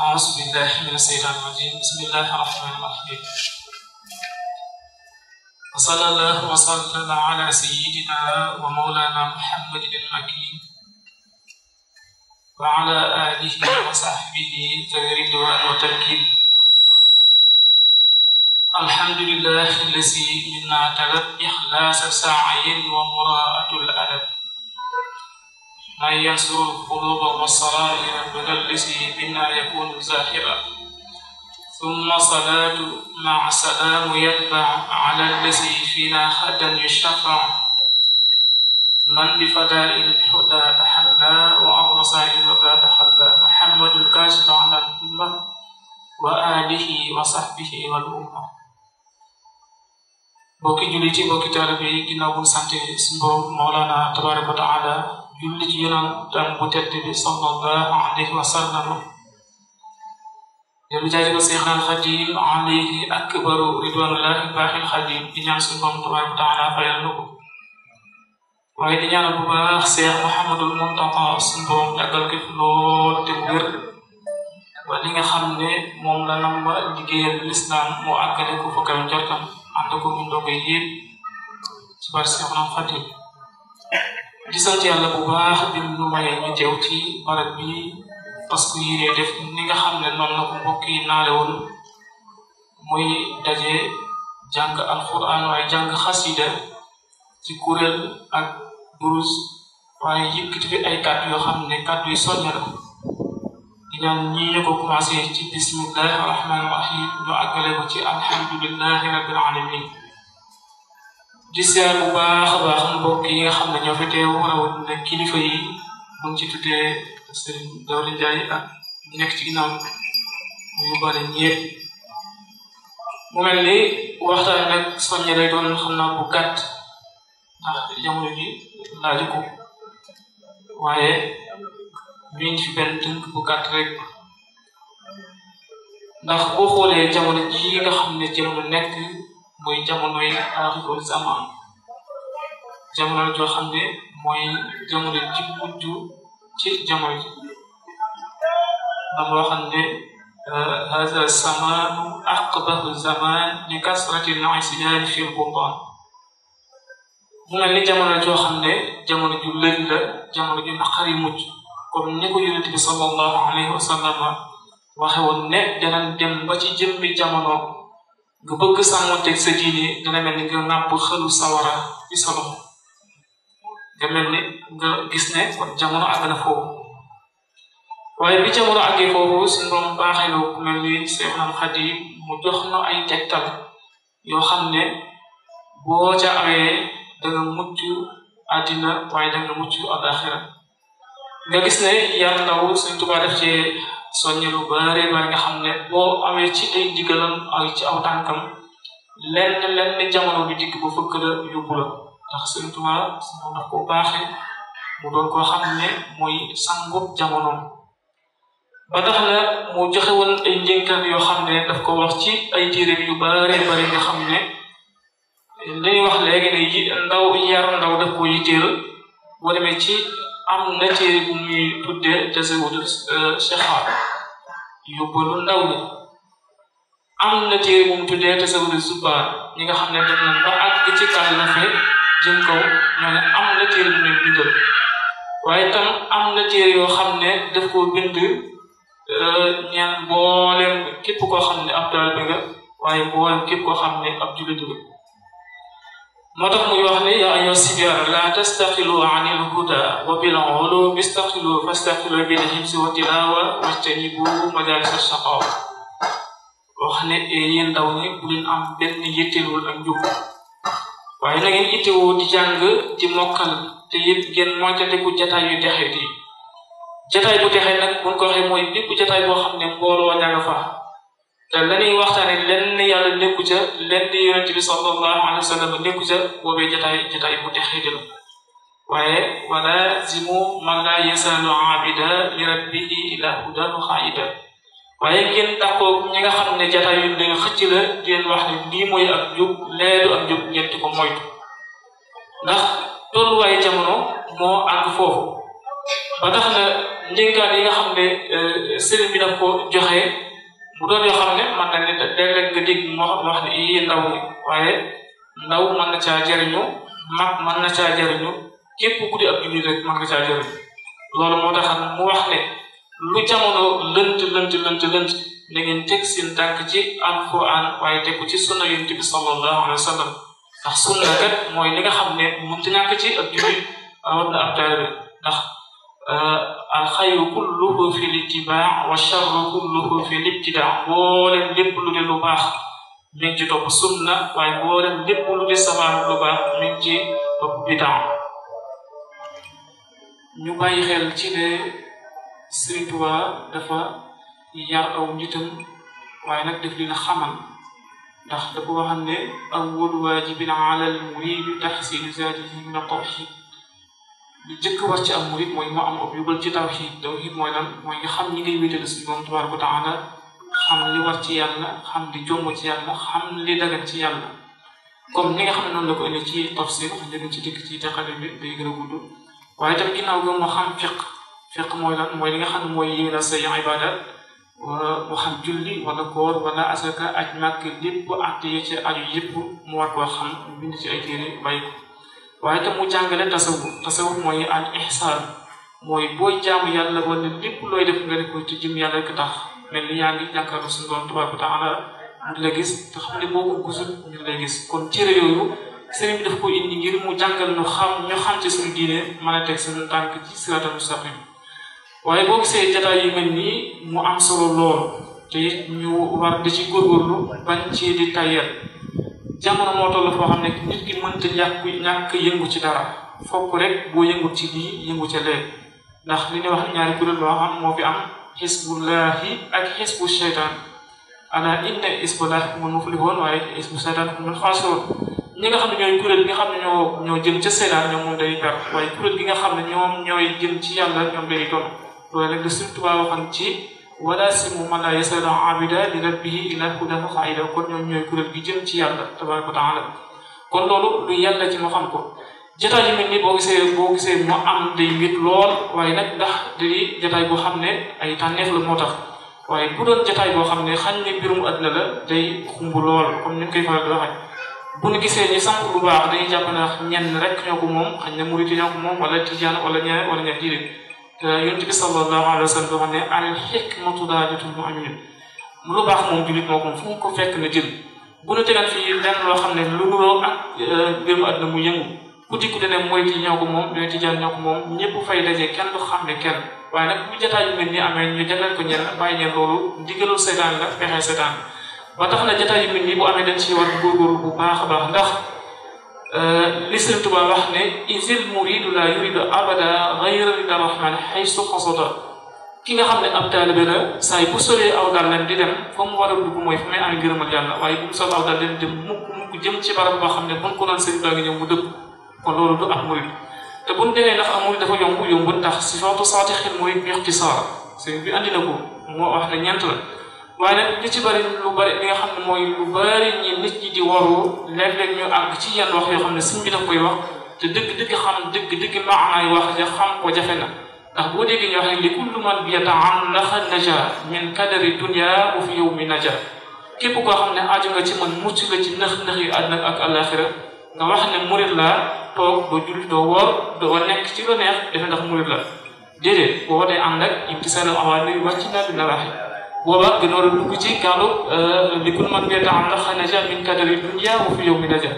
أعوذ بالله من الشيطان الرجيم بسم الله الرحمن الرحيم وصلى الله وسلم على سيدنا ومولانا محمد الأكيم وعلى آله وصحبه ذوي الرضوان والتمكين الحمد لله الذي منا تلت إخلاص السعي ومراءة الأدب أن ينسوا القلوب والسرائر بغلسه منا يكون زاحرا ثم صلاة مع السلام يتبع على الذي فينا خدا يشفع من بفداء الحدى تحلى وعن رسائل الهدى تحلى محمد الكاشف عن الأمة وآله وصحبه والأمة bokki julli ci bokki taalibe yi ginnaaw bu sante suñu borom Mawlana tabaraka wa taala julli ci bi sallallahu alayhi wa sallam dellu jaajëfal Seexul Xadiim alayhi akbaru ridwanullahi baaxil xadiim di ñaan suñu borom tabaaraka wa taala fayal na ko waaye di ñaanal bu baax Seex lool te mu ba li nga xam ne moom la namba liggéeyal lislaam moo àggale ko fa njortam ànd ko mu ndogo bar Seexul Xadiim di sant yàlla baax bi mu mayee ñu teew ci barab bi parce que def ni nga xam ne noonu la ko mbokk yi naale woon daje jàng alquran waaye jàng xasida ci kuréel ak durus waaye yëkkati fi ay kàddu yoo xam ne kàddu yu soñña la di ñi ñu ko commencé ci bismillahi rahmaani rahim ñu àggale ko ci alhamdulillahi rabbil alamin di seer bu baax a baax nga xam ne ñoo fi teew rawatina kilifa yi mu ngi ci tuddee sëriñ Daouda Ndiaye ak nekk ci ginnaaw ñu bari ñëpp mu mel ni waxtaan nag soññe lay xam naa bu gàtt ndax jamono ji laaju ko waaye miñ fi benn tënk bu gàtt rek ndax boo xoolee jamono ji nga xam ne ci la nekk mooy jamonoy aaxirul zaman jamono joo ne mooy jamono ji mujj ci jamono ji ndax loo xam ne euh, hada zamanu aqbahu zaman li kasrati al-insijaam fi al mu mel ni jamono joo xam ne jamono ju lëj la ju naqari mujj comme ni ko yonent bi sallallahu alayhi wa sallam ne danañ dem ba jëmmi jamono nga bëgg sàmmonteeg sa diine dana mel ni nga nàmp xëlu sawara ci sa nga mel ni nga gis ne jamono àgg na foofu waaye bi jamono àggee foofu suñ borom baaxee ku mel ni Seexul Xadiim mu jox na ay tegtal yoo xam ne boo ca amee danga mucc àddina waaye danga mucc àllaaxira nga gis ne yaatu na wu Sëriñ def ci soññe lu bari bari xam ne boo amee ci ay ndigalam ci aw tànkam lenn lenn jamono bi dikk bu fëkk la yóbbu la ndax Sëriñ Tuubaa suñu ko baaxee mu doon koo xam ne mooy sangub jamono ba tax na mu ay njënkaan yoo xam ne daf ko wax ci ay téere yu bari bari nga xam ne ndaw yar ndaw daf ko yitteel boo ci am na téere bu muy tudde tasawudul euh, sixaar yóbbalu ndaw ñi am na téere bu mu tuddee tasawudul zubaar ñi nga xam ne dem nañ ba àgg ci kàllafe jëm kaw ñoo ne am na téere bu muy bindal waaye tam am na téere yoo xam ne daf koo bind euh, ñaan mboolem képp koo xam ne ab daal bi waaye mboolem képp koo xam ne ab jullit bi moo tax muy wax ne yaa ayyuha sibyaan laa tastaqilu an ilhuda wa bil ulumi istaqilu fastaqilu bil himsi wa tilawa wajtanibu majalis ashaqawa wax ne eh, yéen ndaw ñi bu leen am benn yitteelul ak njub waaye na ngeen yittewoo di jàng di mokkal te it ngeen moytandiku jataay yu texet yi jataay bu texet nag buñ ko waxee mooy bépp jataay boo xam ne mbooloo ña nga fa te lañuy waxtaane lenn yàlla nekku ca lenn yonent bi sallallahu alayhi wa sallam nekku ca boobee jataay jataay bu texidi la waaye wala zimu man la yesalu abida li rabbihi ila hudan xaida waaye ngeen takkoo ñi nga xam ne jataay yu leen xëcc la di leen wax ne lii mooy ak jub leedu ak jub ngeen di ko moytu ndax tolluwaayu jamono moo àgg foofu ba tax na njënkaan yi nga xam ne euh, sëriñ bi daf ko joxe mu doon yoo xam ne man nañ ne léeg-léeg nga dégg moo xam wax ne yii ndaw ñi waaye ndaw mën na caa mag mën na caa loolu moo tax mu wax ne lu jamono lënt lënt lënt lënt na ngeen teg seen tànk ci alquran waaye teg ci sunna yonent bi sallallahu wa sallam ndax sunna kat mooy li nga xam ne mënut ñàkk ci ab jullit rawat na ab taalibe ndax alxayru kulluhu fi littibaa wa charru kulluhu fi libtidaa booleen lépp lu de lu baax mi ngi ci topp sunna waaye booleen lépp lu de sabaan lu baax mi ngi ci topp bidaa ñu bàyyi xel ci ne Sëriñ dafa yar aw nitam waaye nag def dina xamal ndax da waxam ne awwalu waajibin alal muriidi tahsiinu zaatihi min tawxiid lu jëkk war ci am murit mooy mu am ab yóbbal ci tawxiid tawxiid mooy lan mooy nga xam ñi ngay wéetale suñu borom tabaaraka wa taala xam li war ci yàlla xam li jomb ci yàlla xam li dagan ci yàlla comme ni nga xam ne noonu la ci tafsir wax dëgg ci dikk ci teqale bi day gën a tam ginnaaw ga moo xam fiq fiq mooy lan mooy li nga xam ne mooy yi na say ibadat wala mu xam julli wala koor wala asaka aj màkk lépp àtte yi ci aju yëpp mu war koo xam bind ci ay téere bàyyi waaye te mu jàngale tasawuf tasawuf mooy al ihsaan mooy booy jaamu yàlla wala lépp looy def nga def ko ci jëm yàlla rek tax mel ni yaa ngi jàkkaarloo suñu borom tabaaraka ko gisul ngir mu jàngal ñu xam ñu xam ci suñu diine mën a teg suñu tànk ci siraatal mustaqim waaye boo gisee jataay yu mel nii mu am solo lool te ñu war di ci góorgóorlu bañ ci di tayal jamono moo toll foo xam ne nit ki mënta ñàkk ñàkk yëngu ci dara fokk rek boo yëngu ci lii yëngu ca lee ndax li ñuy wax ñaari kuréel loo xam moo fi am xisbullahi ak xisbu sheytaan ala inna xisbullahi humul muflihoon waaye xisbu sheytaan humul xaasiroon ñi nga xam ne ñooy kuréel nga xam ne ñoo ñoo ca seytaan ñoom moom nga xam ne ñoom ñooy jëm ci yàlla ñoom day doon la Sëriñ Tuubaa ci wala simu man la a abida li rabbihi ila huda fa gi jëm ci yàlla tabaraka wa loolu yàlla ci moo xam ko jotaay yu mel nii lool waaye nag ndax di jotaay boo xam ne ay tànneef la moo tax waaye bu doon jotaay boo xam ne xañ ne mbirum àddina la day xumb lool comme ni ñu bu ñu gisee ñu sànq lu baax rek ñoo ko moom xañ na murit ñoo ko moom wala tijaan wala ñeneen wala ñeneen Euh, yonent bi sallallahu alayhi wa sallam wax ne al hikmatu daajatul mu'min mu lu baax moom julit moo fu mu ko fekk na jël bu ñu tegal fii lenn loo xam ne lu loo ak euh, mbirum àdduna mu yëngu ku dikku dene mooy ci ñoo ko moom doy tijaan ñoo fay daje kenn du xam ne kenn waaye nag bu jataay yu nii amee ñu jagleel ko ñenn bàyyi ñeen loolu ndigalul seetaan la pexe seetaan ba tax na jataay yu nii bu amee dañ ci war góorgóorlu bu baax a baax ndax li Sëriñ Tuubaa wax ne isil muridu la yuridu abada gayra rida rahman xaysu xasada ki nga xam ne ab taalibe la saa yi bu solee aw dàllam di dem fa mu war a dugg mooy fa bu mu sol aw dàllam dem mukk mukk jëm ci barab boo xam ne buñ ko doon Sëriñ Tuubaa ngi ñëw mu dëpp kon loolu du am murid te buñ demee ndax am murid dafa yomb yomb ndax sifaatu saati xil murid bi ixtisaar sëriñ bi andi ko moo wax ne ñeent la waaye nag li ci bëri lu bëri li nga xam ne mooy lu bëri ñi nit ñi di waru léeg-léeg ñu àgg ci yenn wax yoo xam ne sëñ bi daf koy wax te dëgg dëgg xam dëgg dëgg maanaay wax ja xam ko jafe na ndax boo déggee ñu wax ne li kullu man bi yata'allaqa naja min kadari dunya wa fi yawmi naja képp koo xam ne aju nga ci man mucc nga ci nëx nëx yu àdduna ak àllaaxira nga wax ne murit la toog doo julli doo woor doo nekk ci lu neex defe ndax murit la déedéet boo day ànd ak imtisaalu awaamir wàcc naa bi nawaahi booba gënoor a ci kàllu euh, li kul man bee taxam ndax naja min kadari dunya wa fi yawmi naja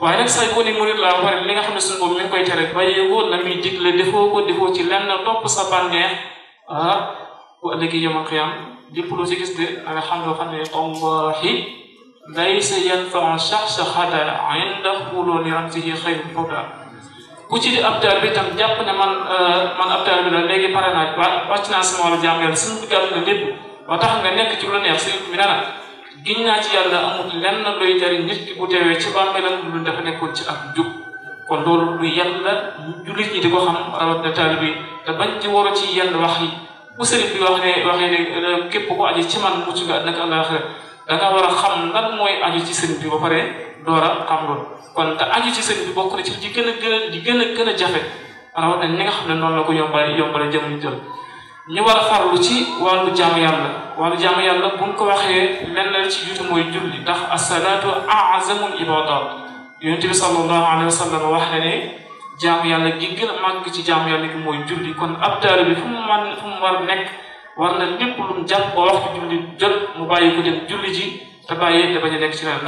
waaye nag sax bu ne murid laa pare li nga xam ne suñu boobu mi ngi koy tere bàyyi ko la muy digle defoo ko defoo ci lenn topp sa bànneex ah bu ëllëgee yawmal qiyaam lépp loo de alhamdulilah xam ne tallahi laysa yanfau shaxsa bi tam jàpp ne man euh, man ab taal bi la léegi pare naa wàcc naa sama wàllu jàngale suñu ba tax nga nekk ci lu neex sëriñ bi nee na giñ naa ci yàlla lenn luy jariñ nit ki bu teewee ci bàmmeelam lu dafa nekkoon ci ak jub kon loolu lu yàlla jullit ñi di ko xam rawatina taalibe yi te bañ ci war ci yenn wax yi bu sëriñ bi wax ne waxee ne ci man mucc nga da nga war a xam lan mooy aju ci sëriñ bi pare door a xam ci sëriñ bi bokk na ci di gën a gën a di a gën xam ne noonu ko yombale yombale jamono jël ñu war a farlu ci wàllu jaamu yàlla wàllu jaamu yàlla buñ ko waxee lenn la ci jiitu mooy julli ndax asalaatu azamul ibadat yonente bi sallallahu alayhi wa wax na ne jaamu yàlla gi gën a ci jaamu yàlla gi mooy julli kon ab bi fu mu man fu mu war nekk war na lépp lu mu jàpp ba waxtu julli jot mu bàyyi ko dem julli ji te bàyyi te bañ nekk ci ren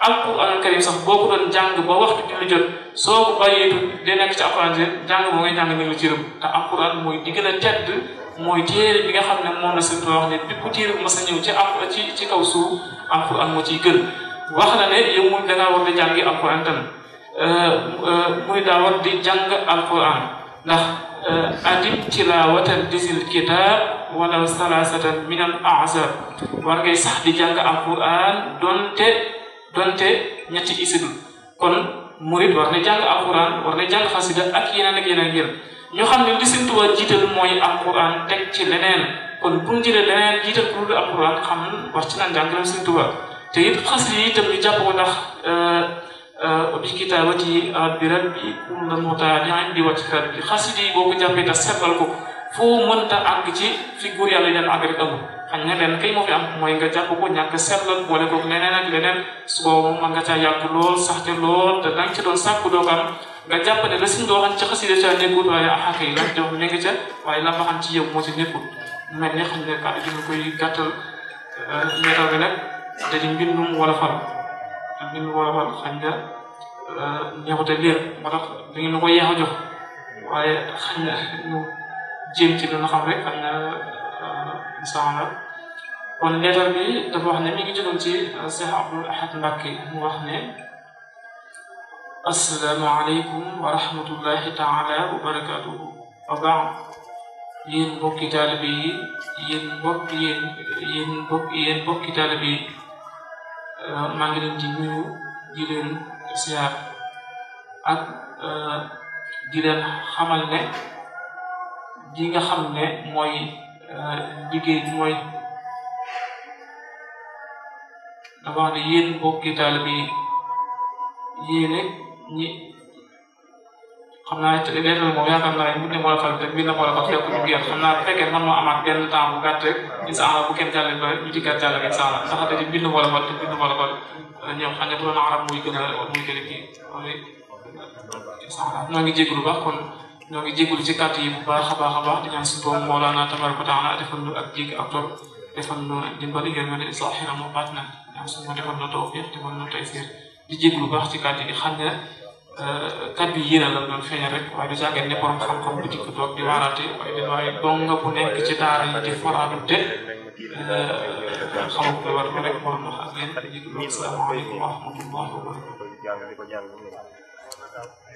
alquran karim sax boo ko doon jàng ba waxtu julli jot soo ko bàyyeetu de nekk ci alquran jàng ba ngay jàng ñu la ci rëm te alquran mooy di gën a tedd mooy téere bi nga xam ne moom la sëñ wax ne bépp téere bu mas a ñëw ci alquran moo ciy gën wax na ne yow mu dangaa war di jàngi alquran tam disil kitaab wala salasatan min al azab war ngay sax di jàng alquran donte donte ñetti isidul kon murid war na jàng alquran war na jàng xasida ak yeneen ak yeneen yéen ñu xam ne li Sëriñ Tuubaa jiital mooy alquran teg ci leneen kon bu ñu jëlee leneen jiital pour lu alquran xam war ci naan jàngale Sëriñ Tuubaa te it xas yi itam ñu jàpp ko ndax euh, euh, bi kitaabati bi rabbi kum la mutaadiin di wàcc rabbi boo ko jàppee te seetal ko foo mënta àgg ci fi góor yàlla yi daan àgg rek ak ñeneen kay moo fi am mooy nga jàpp ko ñàkk seetlal boole ko leneen a leneen su boobu moom a nga caa yàgg lool sax ca lool danga ci doon sàkku doo am nga jàpp ne la suñ doo xam ci xasida ca nekkul waaye axaka yi la def mi ngi ne kàddu gi ñu bi nag dañu mbindum wala fal mbindum tax dañu ñu ko yeex a jox waaye xañ na ñu jéem ci lu xam rek inshallah kon leetar dafa wax ne mi ngi jógoon ci euh, Cheikh Abdul Ahad Mbacké mu wax ne assalaamu aleykum wa taala wa barakatuhu wa baad yéen mbokki taalibe yi maa ngi leen di nuyu di siyaar ak euh, di xamal ne di nga xam ne mooy liggéey bi mooy dama wax ne yéen mbokki taalibe yi yéen ñi xam naa te léegi moom yaakaar naa ne mbir la te mbir la ko la ko ñu xam naa bu fekkee man moo amaat benn temps bu gàtt rek incha allah bu kenn jàllale ba ñu ci gàtt jàllale incha allah ndax te mbir la nga a muy gën a ngi jégalu baax kon. ñoo ngi jégalu ci kàddu yi bu baax a baax a baax di ñaan suñu borom Mawlana tabaraka defal ñu ak jégg ak defal ñu dimbali yërmande zaahiran wa baatinan ñaan suñu borom di jégalu baax ci kàddu yi xam ne euh, kàddu yi yéen la rek waaye dong nga bu nekk ci daara yi di foraatu te euh, xamu ko war rek borom wax ak yéen di jégalu